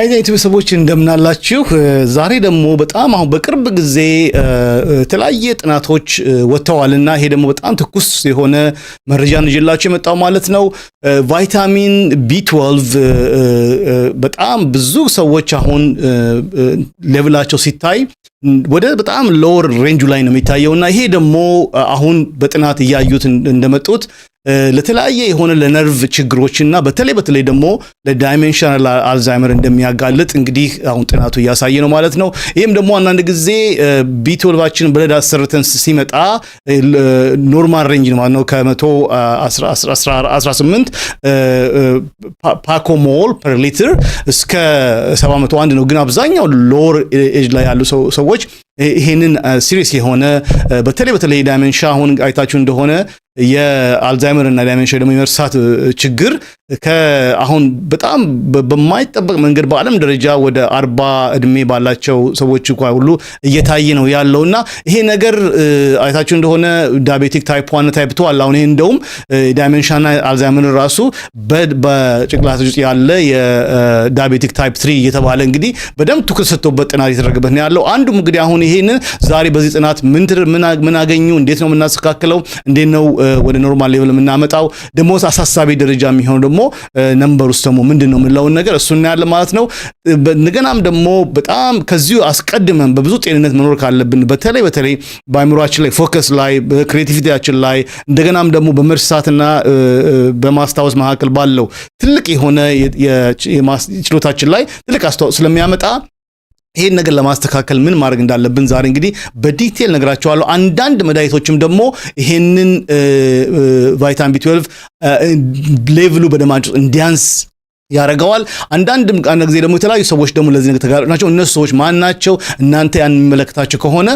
አይዛ ቤተሰቦች እንደምናላችሁ። ዛሬ ደግሞ በጣም አሁን በቅርብ ጊዜ የተለያየ ጥናቶች ወጥተዋል ይሄ ደግሞ በጣም ትኩስ የሆነ መረጃ ይዤላችሁ የመጣው ማለት ነው። ቫይታሚን ቢ12 በጣም ብዙ ሰዎች አሁን ሌቭላቸው ሲታይ ወደ በጣም ሎወር ሬንጁ ላይ ነው የሚታየው እና ይሄ ደግሞ አሁን በጥናት እያዩት እንደመጡት ለተለያየ የሆነ ለነርቭ ችግሮችና በተለይ በተለይ ደግሞ ለዳይሜንሽናል አልዛይመር እንደሚያጋልጥ እንግዲህ አሁን ጥናቱ እያሳየ ነው ማለት ነው። ይህም ደግሞ አንዳንድ ጊዜ ቢትወልቫችን ብለድ አሰርተን ሲመጣ ኖርማል ሬንጅ ማለት ነው ከመቶ 18 ፓኮሞል ፐር ሊትር እስከ 701 ነው። ግን አብዛኛው ሎወር ኤጅ ላይ ያሉ ሰዎች ይህንን ሲሪየስ የሆነ በተለይ በተለይ ዳይመንሻ አሁን አይታችሁ እንደሆነ የአልዛይመር እና ዳይሜንሽያ ደግሞ የመርሳት ችግር አሁን በጣም በማይጠበቅ መንገድ በዓለም ደረጃ ወደ አርባ እድሜ ባላቸው ሰዎች እንኳ ሁሉ እየታየ ነው ያለው እና ይሄ ነገር አይታችሁ እንደሆነ ዳቤቲክ ታይፕ ዋን ታይፕ ቱ አለ። አሁን ይሄ እንደውም ዳይሜንሻና አልዛይመር ራሱ በጭንቅላት ውስጥ ያለ የዳቤቲክ ታይፕ ትሪ እየተባለ እንግዲህ በደንብ ትኩረት ሰጥቶበት ጥናት የተደረገበት ነው ያለው። አንዱም እንግዲህ አሁን ይሄንን ዛሬ በዚህ ጥናት ምን አገኙ፣ እንዴት ነው የምናስተካክለው፣ እንዴት ነው ወደ ኖርማል ሌቭል የምናመጣው፣ ደግሞ አሳሳቢ ደረጃ የሚሆነው ደግሞ ነምበር ውስጥ ደግሞ ምንድን ነው የምንለውን ነገር እሱ እናያለን ማለት ነው። እንደገናም ደግሞ በጣም ከዚሁ አስቀድመን በብዙ ጤንነት መኖር ካለብን በተለይ በተለይ በአእምሯችን ላይ ፎከስ ላይ በክሬቲቪቲያችን ላይ እንደገናም ደግሞ በመርሳትና በማስታወስ መካከል ባለው ትልቅ የሆነ ችሎታችን ላይ ትልቅ አስተዋጽኦ ስለሚያመጣ ይህን ነገር ለማስተካከል ምን ማድረግ እንዳለብን ዛሬ እንግዲህ በዲቴል ነግራቸዋለሁ። አንዳንድ መድኃኒቶችም ደግሞ ይህንን ቫይታሚን ቢ12 ሌቭሉ በደማጭ እንዲያንስ ያደርገዋል። አንዳንድም አንድ ጊዜ ደግሞ የተለያዩ ሰዎች ደግሞ ለዚህ ነገር ተጋላጭ ናቸው። እነሱ ሰዎች ማን ናቸው? እናንተ ያን የሚመለከታቸው ከሆነ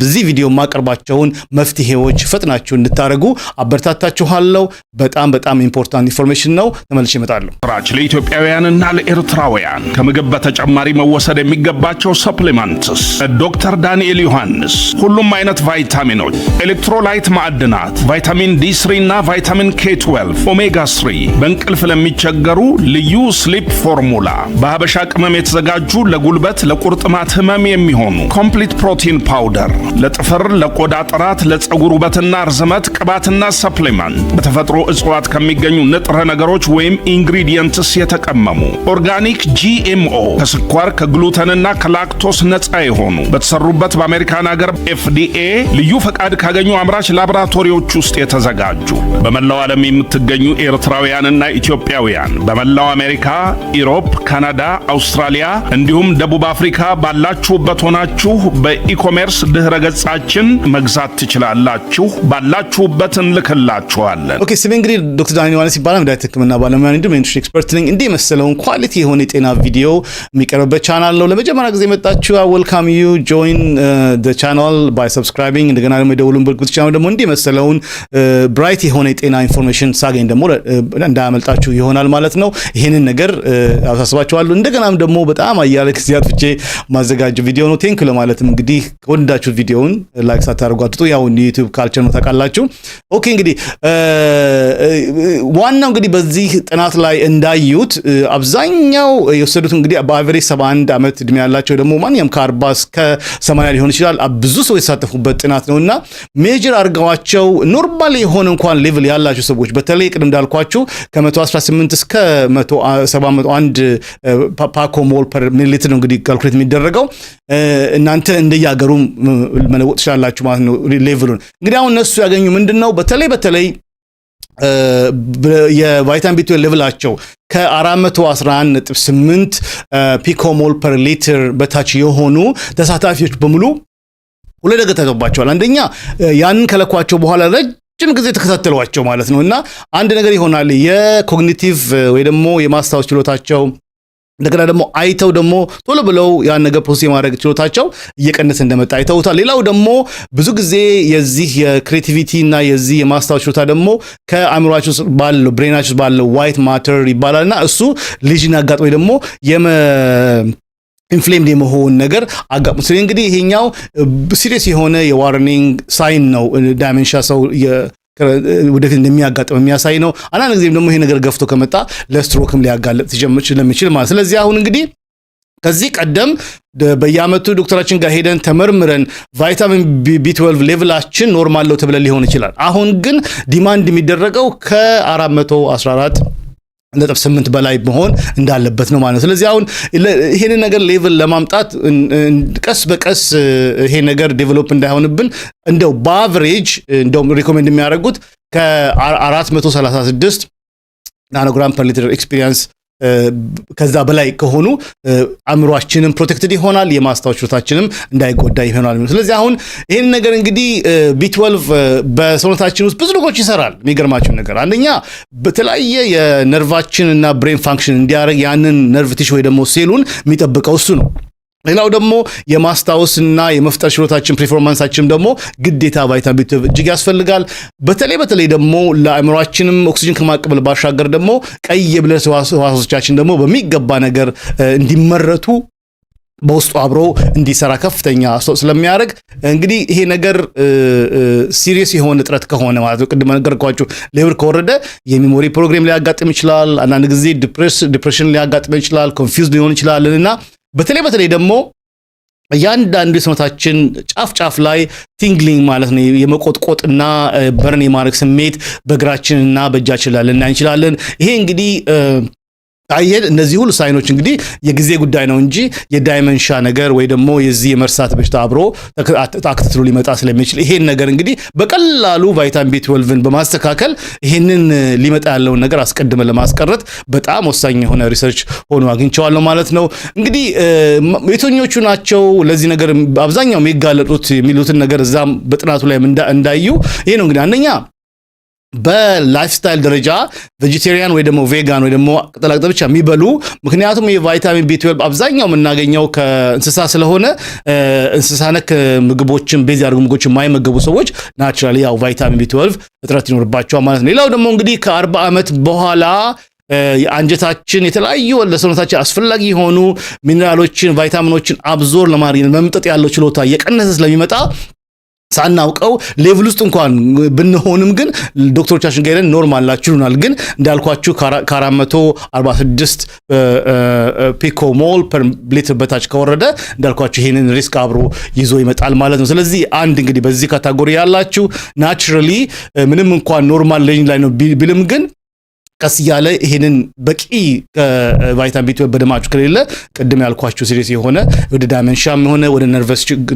በዚህ ቪዲዮ የማቀርባቸውን መፍትሄዎች ፈጥናችሁ እንድታደርጉ አበረታታችኋለሁ። በጣም በጣም ኢምፖርታንት ኢንፎርሜሽን ነው። ተመልሼ እመጣለሁ። ራች ለኢትዮጵያውያንና ለኤርትራውያን ከምግብ በተጨማሪ መወሰድ የሚገባቸው ሰፕሊመንትስ ዶክተር ዳንኤል ዮሐንስ ሁሉም አይነት ቫይታሚኖች፣ ኤሌክትሮላይት ማዕድናት፣ ቫይታሚን ዲ3 እና ቫይታሚን ኬ12፣ ኦሜጋ 3 በእንቅልፍ ለሚቸገሩ ልዩ ስሊፕ ፎርሙላ በሀበሻ ቅመም የተዘጋጁ ለጉልበት፣ ለቁርጥማት ህመም የሚሆኑ ኮምፕሊት ፕሮቲን ፓውደር፣ ለጥፍር፣ ለቆዳ ጥራት፣ ለፀጉር ውበትና ርዝመት ቅባትና ሰፕሊመንት በተፈጥሮ እጽዋት ከሚገኙ ንጥረ ነገሮች ወይም ኢንግሪዲየንትስ የተቀመሙ ኦርጋኒክ፣ ጂኤምኦ፣ ከስኳር ከግሉተንና ከላክቶስ ነፃ የሆኑ በተሰሩበት በአሜሪካን ሀገር ኤፍዲኤ ልዩ ፈቃድ ካገኙ አምራች ላቦራቶሪዎች ውስጥ የተዘጋጁ በመላው ዓለም የምትገኙ ኤርትራውያንና ኢትዮጵያውያን በመላው አሜሪካ፣ ኢሮፕ፣ ካናዳ፣ አውስትራሊያ እንዲሁም ደቡብ አፍሪካ ባላችሁበት ሆናችሁ በኢኮሜርስ ድኅረ ገጻችን መግዛት ትችላላችሁ። ባላችሁበት እንልክላችኋለን። ኦኬ ስሜ እንግዲህ ዶክተር ዳኒ ዮሐንስ ይባላል። መድኃኒት ሕክምና ባለሙያ እንዲሁም ኢንዱስትሪ ኤክስፐርት ነኝ። እንዲህ የመሰለውን ኳሊቲ የሆነ የጤና ቪዲዮ የሚቀርብበት ቻናል ነው። ለመጀመሪያ ጊዜ የመጣችሁ ወልካም ዩ ጆይን ቻናል ባይ ሰብስክራይቢንግ እንደገና ደግሞ የደውሉን ብልቁት ቻናል ደግሞ እንዲህ የመሰለውን ብራይት የሆነ የጤና ኢንፎርሜሽን ሳገኝ ደግሞ እንዳያመልጣችሁ ይሆናል ማለት ነው። ይህንን ነገር አሳስባችኋለሁ። እንደገናም ደግሞ በጣም አያሌ ጊዜያት ፍቼ ማዘጋጀው ቪዲዮ ነው። ቴንክ ለማለትም እንግዲህ ከወደዳችሁት ቪዲዮውን ላይክ ሳታደርጉ አትጡ። ያው ዩቲዩብ ካልቸር ነው ታውቃላችሁ። ኦኬ እንግዲህ ዋናው እንግዲህ በዚህ ጥናት ላይ እንዳዩት አብዛኛው የወሰዱት እንግዲህ በአቨሬጅ 71 ዓመት እድሜ ያላቸው ደግሞ ማንኛውም ከአርባ እስከ 80 ሊሆን ይችላል ብዙ ሰው የተሳተፉበት ጥናት ነው እና ሜጀር አድርገዋቸው ኖርማል የሆነ እንኳን ሌቭል ያላቸው ሰዎች በተለይ ቅድም እንዳልኳችሁ ከ118 እስከ 701 ፓኮ ሞል ፐር ሚሊሊትር ነው እንግዲህ ካልኩሌት የሚደረገው። እናንተ እንደየሀገሩ መለወጥ ትችላላችሁ ማለት ነው ሌቭሉን። እንግዲህ አሁን እነሱ ያገኙ ምንድን ነው በተለይ በተለይ የቫይታሚን ቢቱ ሌቭላቸው ከ411.8 ፒኮሞል ፐር ሊትር በታች የሆኑ ተሳታፊዎች በሙሉ ሁለት ነገር ታይቶባቸዋል። አንደኛ ያንን ከለኳቸው በኋላ ረጅ ረጅም ጊዜ ተከታተሏቸው ማለት ነው እና አንድ ነገር ይሆናል። የኮግኒቲቭ ወይ ደግሞ የማስታወስ ችሎታቸው እንደገና ደግሞ አይተው ደግሞ ቶሎ ብለው ያን ነገር ፕሮሰስ የማድረግ ችሎታቸው እየቀነሰ እንደመጣ አይተውታል። ሌላው ደግሞ ብዙ ጊዜ የዚህ የክሬቲቪቲ እና የዚህ የማስታወስ ችሎታ ደግሞ ከአእምሯቸው ውስጥ ባለው ብሬናቸው ውስጥ ባለው ዋይት ማተር ይባላል እና እሱ ልጅን አጋጥሞ ደግሞ ኢንፍሌምድ የመሆን ነገር አጋጥሞ እንግዲህ ይሄኛው ሲሪየስ የሆነ የዋርኒንግ ሳይን ነው። ዳይሜንሻ ሰው ወደፊት እንደሚያጋጥም የሚያሳይ ነው። አንዳንድ ጊዜም ደግሞ ይሄ ነገር ገፍቶ ከመጣ ለስትሮክም ሊያጋለጥ ለሚችል ማለት ስለዚህ አሁን እንግዲህ ከዚህ ቀደም በየዓመቱ ዶክተራችን ጋር ሄደን ተመርምረን ቫይታሚን ቢ12 ሌቭላችን ኖርማል ነው ተብለን ሊሆን ይችላል። አሁን ግን ዲማንድ የሚደረገው ከ414 ነጥብ ስምንት በላይ መሆን እንዳለበት ነው ማለት ነው። ስለዚህ አሁን ይሄንን ነገር ሌቭል ለማምጣት ቀስ በቀስ ይሄ ነገር ዴቨሎፕ እንዳይሆንብን እንደው በአቨሬጅ እንደውም ሪኮሜንድ የሚያደርጉት ከ436 ናኖግራም ፐር ሊትር ኤክስፒሪየንስ ከዛ በላይ ከሆኑ አእምሯችንም ፕሮቴክትድ ይሆናል፣ የማስታወስ ችሎታችንም እንዳይጎዳ ይሆናል። ስለዚህ አሁን ይህን ነገር እንግዲህ ቢትወልቭ በሰውነታችን ውስጥ ብዙ ነገሮች ይሰራል። የሚገርማችሁን ነገር አንደኛ በተለያየ የነርቫችን እና ብሬን ፋንክሽን እንዲያደርግ ያንን ነርቭ ቲሽ ወይ ደግሞ ሴሉን የሚጠብቀው እሱ ነው። ሌላው ደግሞ የማስታወስና የመፍጠር ችሎታችን ፕሪፎርማንሳችን ደግሞ ግዴታ ቫይታሚን ቢ እጅግ ያስፈልጋል። በተለይ በተለይ ደግሞ ለአእምሯችንም ኦክሲጅን ከማቀበል ባሻገር ደግሞ ቀይ የብለስ ህዋሶቻችን ደግሞ በሚገባ ነገር እንዲመረቱ በውስጡ አብሮ እንዲሰራ ከፍተኛ አስተዋጽኦ ስለሚያደርግ እንግዲህ ይሄ ነገር ሲሪየስ የሆነ እጥረት ከሆነ ማለት ነው። ነገር ነገርኳችሁ ሌብር ከወረደ የሜሞሪ ፕሮግራም ሊያጋጥም ይችላል። አንዳንድ ጊዜ ዲፕሬሽን ሊያጋጥም ይችላል። ኮንፊውዝ ሊሆን ይችላል እና በተለይ በተለይ ደግሞ እያንዳንዱ የሰውነታችን ጫፍ ጫፍ ላይ ቲንግሊንግ ማለት ነው የመቆጥቆጥና በርን uh, የማድረግ ስሜት በእግራችንና በእጃችን ላይ ልናይ እንችላለን። ይሄ እንግዲህ uh, አየህ እነዚህ ሁሉ ሳይኖች እንግዲህ የጊዜ ጉዳይ ነው እንጂ የዳይመንሻ ነገር ወይ ደግሞ የዚህ የመርሳት በሽታ አብሮ አክትትሎ ሊመጣ ስለሚችል ይሄን ነገር እንግዲህ በቀላሉ ቫይታሚን ቢ12ን በማስተካከል ይሄንን ሊመጣ ያለውን ነገር አስቀድመን ለማስቀረት በጣም ወሳኝ የሆነ ሪሰርች ሆኖ አግኝቸዋለሁ ማለት ነው። እንግዲህ የትኞቹ ናቸው ለዚህ ነገር አብዛኛው የሚጋለጡት የሚሉትን ነገር እዛም በጥናቱ ላይ እንዳዩ ይሄ ነው እንግዲህ አንደኛ በላይፍ ስታይል ደረጃ ቬጂቴሪያን ወይ ደግሞ ቬጋን ወይ ደግሞ ቅጠላቅጠል ብቻ የሚበሉ ምክንያቱም የቫይታሚን ቢ12 አብዛኛው የምናገኘው ከእንስሳ ስለሆነ እንስሳ ነክ ምግቦችን ቤዝ ያደርጉ ምግቦች የማይመገቡ ሰዎች ናቹራሊ ያው ቫይታሚን ቢ12 እጥረት ይኖርባቸዋል ማለት ነው። ሌላው ደግሞ እንግዲህ ከአርባ ዓመት በኋላ አንጀታችን የተለያዩ ለሰውነታችን አስፈላጊ የሆኑ ሚኔራሎችን ቫይታሚኖችን አብዞር ለማድረግ መምጠጥ ያለው ችሎታ እየቀነሰ ስለሚመጣ ሳናውቀው ሌቭል ውስጥ እንኳን ብንሆንም ግን ዶክተሮቻችን ጋር ኖርማል ናችሁ ይሉናል። ግን እንዳልኳችሁ ከ446 ፒኮሞል ፐር ሊትር በታች ከወረደ እንዳልኳችሁ ይህንን ሪስክ አብሮ ይዞ ይመጣል ማለት ነው። ስለዚህ አንድ እንግዲህ በዚህ ካታጎሪ ያላችሁ ናቹራሊ ምንም እንኳን ኖርማል ሌንጅ ላይ ነው ቢልም ግን ቀስ እያለ ይሄንን በቂ ቫይታሚን ቢ በደማችሁ ከሌለ ቅድም ያልኳችሁ ሲሪየስ የሆነ ወደ ዳመንሻ የሆነ ወደ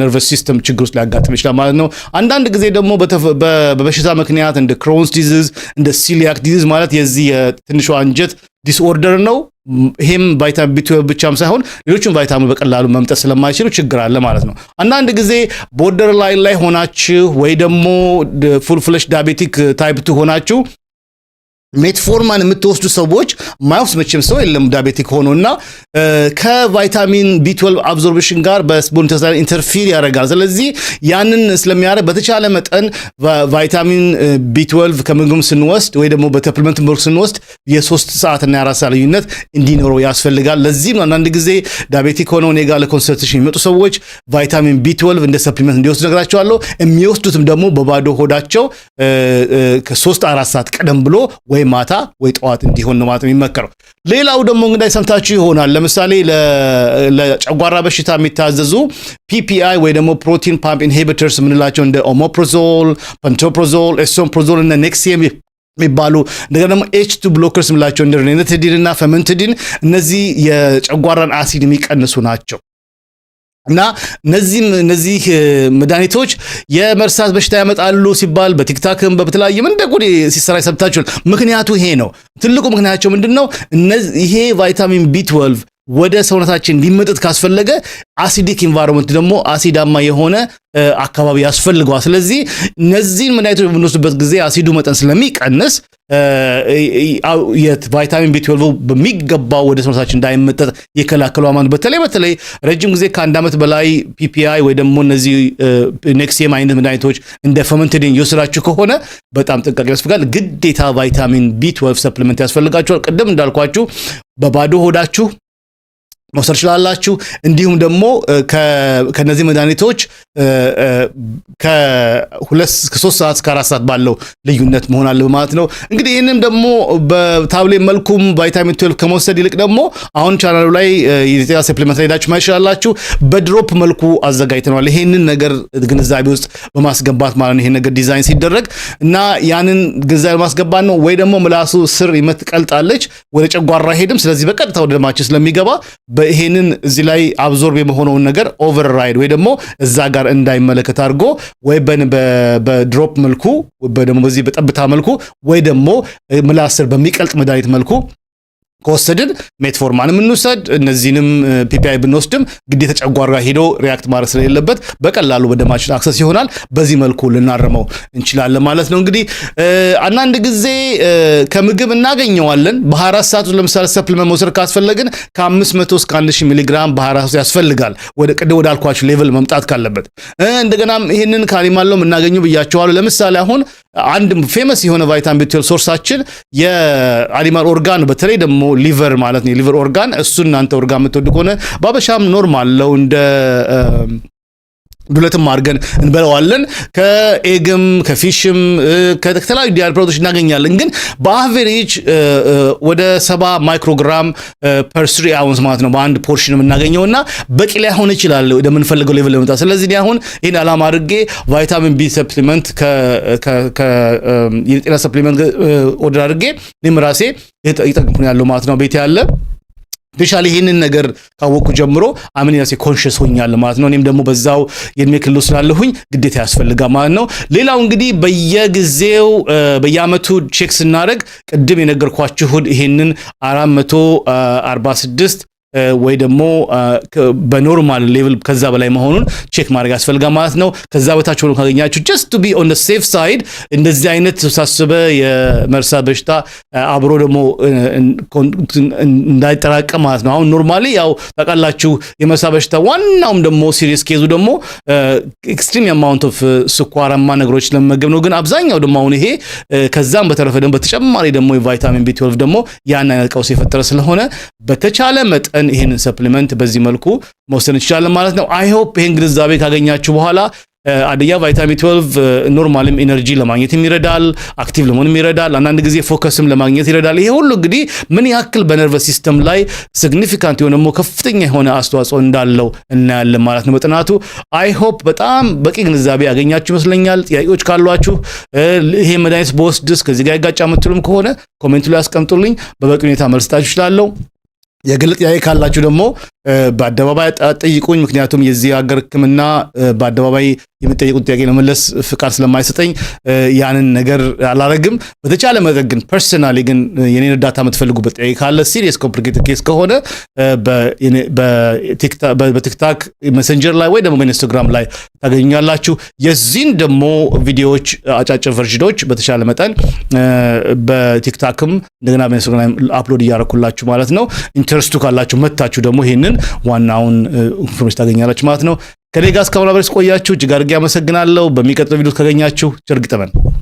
ነርቨስ ሲስተም ችግር ውስጥ ሊያጋጥም ይችላል ማለት ነው። አንዳንድ ጊዜ ደግሞ በበሽታ ምክንያት እንደ ክሮንስ ዲዚዝ እንደ ሲሊያክ ዲዚዝ ማለት የዚህ የትንሹ አንጀት ዲስኦርደር ነው። ይሄም ቫይታሚን ቢቱ ብቻም ሳይሆን ሌሎችም ቫይታሚን በቀላሉ መምጠት ስለማይችሉ ችግር አለ ማለት ነው። አንዳንድ ጊዜ ቦርደር ላይን ላይ ሆናችሁ ወይ ደግሞ ፉል ፍለሽ ዳቤቲክ ታይፕ ቱ ሆናችሁ ሜትፎርማን የምትወስዱ ሰዎች ማይወስድ መቼም ሰው የለም ዳቤቲክ ሆኖ እና ከቫይታሚን ቢ12 አብዞርብሽን ጋር በስፖንተሳን ኢንተርፊር ያደርጋል። ስለዚህ ያንን ስለሚያደርግ በተቻለ መጠን ቫይታሚን ቢ12 ከምግብም ስንወስድ ወይ ደግሞ በተፕልመንት መልክ ስንወስድ የሶስት ሰዓት እና የአራት ሰዓት ልዩነት እንዲኖረው ያስፈልጋል። ለዚህም አንዳንድ ጊዜ ዳቤቲክ ሆነው እኔ ጋር ለኮንሰልቴሽን የሚመጡ ሰዎች ቫይታሚን ቢ12 እንደ ሰፕሊመንት እንዲወስዱ ነግራቸዋለሁ። የሚወስዱትም ደግሞ በባዶ ሆዳቸው ከሶስት አራት ሰዓት ቀደም ብሎ ወይ ወይ ማታ ወይ ጠዋት እንዲሆን ነው ማለት የሚመከረው። ሌላው ደግሞ እንግዲህ ሰምታችሁ ይሆናል። ለምሳሌ ለጨጓራ በሽታ የሚታዘዙ ፒፒአይ ወይ ደግሞ ፕሮቲን ፓምፕ ኢንሂቢተርስ የምንላቸው እንደ ኦሞፕሮዞል፣ ፐንቶፕሮዞል፣ ኤሶምፕሮዞል እና ኔክሲየም የሚባሉ እንደገና ደግሞ ኤች ቱ ብሎከርስ የምንላቸው እንደ ሬኒትዲን እና ፈመንትዲን እነዚህ የጨጓራን አሲድ የሚቀንሱ ናቸው። እና እነዚህ እነዚህ መድኃኒቶች የመርሳት በሽታ ያመጣሉ ሲባል በቲክታክም በተለያየም እንደ ጉዴ ሲሰራ ይሰብታችኋል። ምክንያቱ ይሄ ነው። ትልቁ ምክንያቸው ምንድን ነው? ይሄ ቫይታሚን ቢ12 ወደ ሰውነታችን ሊመጠጥ ካስፈለገ አሲዲክ ኢንቫይሮንመንት ደግሞ አሲዳማ የሆነ አካባቢ ያስፈልገዋል። ስለዚህ እነዚህን መድኃኒቶች በምንወስድበት ጊዜ አሲዱ መጠን ስለሚቀንስ ቫይታሚን ቢ በሚገባው ወደ ሰውነታችን እንዳይመጠጥ የከላከሉ አማኑ በተለይ በተለይ ረጅም ጊዜ ከአንድ ዓመት በላይ ፒፒአይ ወይ ደግሞ እነዚህ ኔክሴም አይነት መድኃኒቶች እንደ ፈመንትዲን የወሰዳችሁ ከሆነ በጣም ጥንቃቄ ያስፈልጋል። ግዴታ ቫይታሚን ቢ ሰፕሊመንት ያስፈልጋችኋል። ቅድም እንዳልኳችሁ በባዶ ሆዳችሁ መውሰድ ችላላችሁ። እንዲሁም ደግሞ ከነዚህ መድኃኒቶች ከሶስት ሰዓት እስከ አራት ሰዓት ባለው ልዩነት መሆን አለ ማለት ነው። እንግዲህ ይህንም ደግሞ በታብሌት መልኩም ቫይታሚን ትዌልቭ ከመውሰድ ይልቅ ደግሞ አሁን ቻናሉ ላይ የጤና ሰፕሊመንት ላይ ሄዳችሁ ማየት ችላላችሁ። በድሮፕ መልኩ አዘጋጅተነዋል። ይሄንን ነገር ግንዛቤ ውስጥ በማስገባት ማለት ነው። ይሄን ነገር ዲዛይን ሲደረግ እና ያንን ግንዛቤ በማስገባት ነው። ወይ ደግሞ ምላሱ ስር ይመትቀልጣለች፣ ወደ ጨጓራ ሄድም። ስለዚህ በቀጥታ ወደ ደማችን ስለሚገባ ይሄንን እዚህ ላይ አብዞርብ የመሆነውን ነገር ኦቨርራይድ ወይ ደግሞ እዛ ጋር እንዳይመለከት አድርጎ ወይ በድሮፕ መልኩ ደግሞ በዚህ በጠብታ መልኩ ወይ ደግሞ ምላስር በሚቀልጥ መድኃኒት መልኩ ከወሰድን ሜትፎርማንም እንውሰድ እነዚህንም ፒፒአይ ብንወስድም ግዴ ተጨጓራ ሄዶ ሪያክት ማድረግ ስለሌለበት በቀላሉ በደማችን አክሰስ ይሆናል። በዚህ መልኩ ልናርመው እንችላለን ማለት ነው። እንግዲህ አንዳንድ ጊዜ ከምግብ እናገኘዋለን። በ24 ሰዓት ውስጥ ለምሳሌ ሰፕልመንት መውሰድ ካስፈለግን ከ500 እስከ 1000 ሚሊግራም በ24 ያስፈልጋል። ወደ ቅድም ወደ አልኳቸው ሌቭል መምጣት ካለበት እንደገናም ይህንን ካሊማለው የምናገኙ ብያቸዋለሁ። ለምሳሌ አሁን አንድ ፌመስ የሆነ ቫይታሚን ቢ12 ሶርሳችን የአኒማል ኦርጋን በተለይ ደግሞ ሊቨር ማለት ነው የሊቨር ኦርጋን እሱ እናንተ ኦርጋን የምትወድ ከሆነ በአበሻም ኖርማል ለው እንደ ዱለትም አድርገን እንበለዋለን። ከኤግም ከፊሽም ከተለያዩ ዲያሪ ፕሮዳክቶች እናገኛለን። ግን በአቨሬጅ ወደ ሰባ ማይክሮግራም ፐርስሪ አውንስ ማለት ነው በአንድ ፖርሽን የምናገኘው እና በቂ ላይሆን ይችላል ወደምንፈልገው ሌቭል ለመጣ። ስለዚህ እኔ አሁን ይህን ዓላማ አድርጌ ቫይታሚን ቢ ሰፕሊመንት የጤና ሰፕሊመንት ኦርደር አድርጌ እኔም ራሴ ይጠቅሙን ያለው ማለት ነው ቤት ያለ ስፔሻሊ ይህንን ነገር ካወቅኩ ጀምሮ አምን ራሴ ኮንሽስ ሆኛል ማለት ነው። እኔም ደግሞ በዛው የእድሜ ክልል ስላለሁኝ ግዴታ ያስፈልጋ ማለት ነው። ሌላው እንግዲህ በየጊዜው በየአመቱ ቼክ ስናደርግ ቅድም የነገርኳችሁን ይህንን 446 ወይ ደግሞ በኖርማል ሌቭል ከዛ በላይ መሆኑን ቼክ ማድረግ ያስፈልጋል ማለት ነው። ከዛ በታች ሆኖ ካገኛችሁ ጀስት ቱ ቢ ኦን ደ ሴፍ ሳይድ እንደዚህ አይነት ተወሳሰበ የመርሳ በሽታ አብሮ ደግሞ እንዳይጠራቀ ማለት ነው። አሁን ኖርማሊ ያው ታውቃላችሁ የመርሳ በሽታ ዋናውም ደግሞ ሲሪየስ ኬዙ ደግሞ ኤክስትሪም አማውንት ኦፍ ስኳራማ ነገሮች ለመመገብ ነው። ግን አብዛኛው ደግሞ አሁን ይሄ ከዛም በተረፈ ደግሞ በተጨማሪ ደግሞ የቫይታሚን ቢ12 ደግሞ ያን አይነት ቀውስ የፈጠረ ስለሆነ በተቻለ መጠን ቀን ይህንን ሰፕሊመንት በዚህ መልኩ መውሰድ እንችላለን ማለት ነው። አይ ሆፕ ይህን ግንዛቤ ካገኛችሁ በኋላ uh, አንደኛ ቫይታሚን 12 uh, ኖርማልም ኢነርጂ ለማግኘትም ይረዳል፣ አክቲቭ ለመሆንም ይረዳል፣ አንዳንድ ጊዜ ፎከስም ለማግኘት ይረዳል። ይሄ ሁሉ እንግዲህ ምን ያክል በነርቨስ ሲስተም ላይ ሲግኒፊካንት የሆነ ደግሞ ከፍተኛ የሆነ አስተዋጽኦ እንዳለው እናያለን ማለት ነው በጥናቱ። አይ ሆፕ በጣም በቂ ግንዛቤ ያገኛችሁ ይመስለኛል። ጥያቄዎች ካሏችሁ uh, ይሄ መድኃኒት በወስድስ ከዚህ ጋር ይጋጫ የምትሉም ከሆነ ኮሜንቱ ላይ አስቀምጡልኝ፣ በበቂ ሁኔታ መልስታችሁ እችላለሁ። የግል ጥያቄ ካላችሁ ደግሞ በአደባባይ ጠይቁኝ። ምክንያቱም የዚህ ሀገር ሕክምና በአደባባይ የምጠይቁት ጥያቄ ለመለስ ፍቃድ ስለማይሰጠኝ ያንን ነገር አላረግም። በተቻለ መጠን ግን ፐርሰናሊ ግን የኔን እርዳታ የምትፈልጉበት ጥያቄ ካለ ሲሪየስ ኮምፕሊኬትድ ኬስ ከሆነ በቲክታክ መሰንጀር ላይ ወይ ደግሞ በኢንስታግራም ላይ ታገኙኛላችሁ። የዚህን ደግሞ ቪዲዮዎች አጫጭር ቨርዥኖች በተቻለ መጠን በቲክታክም እንደገና በኢንስታግራም አፕሎድ እያረኩላችሁ ማለት ነው። ኢንተረስቱ ካላችሁ መታችሁ ደግሞ ይሄንን ብለን ዋናውን ኢንፎርሜሽን ታገኛላችሁ ማለት ነው። ከኔ ጋር እስካሁን አብራችሁ ቆያችሁ እጅግ አድርጌ አመሰግናለሁ። በሚቀጥለው ቪዲዮ ካገኛችሁ ቸር ግጠመን።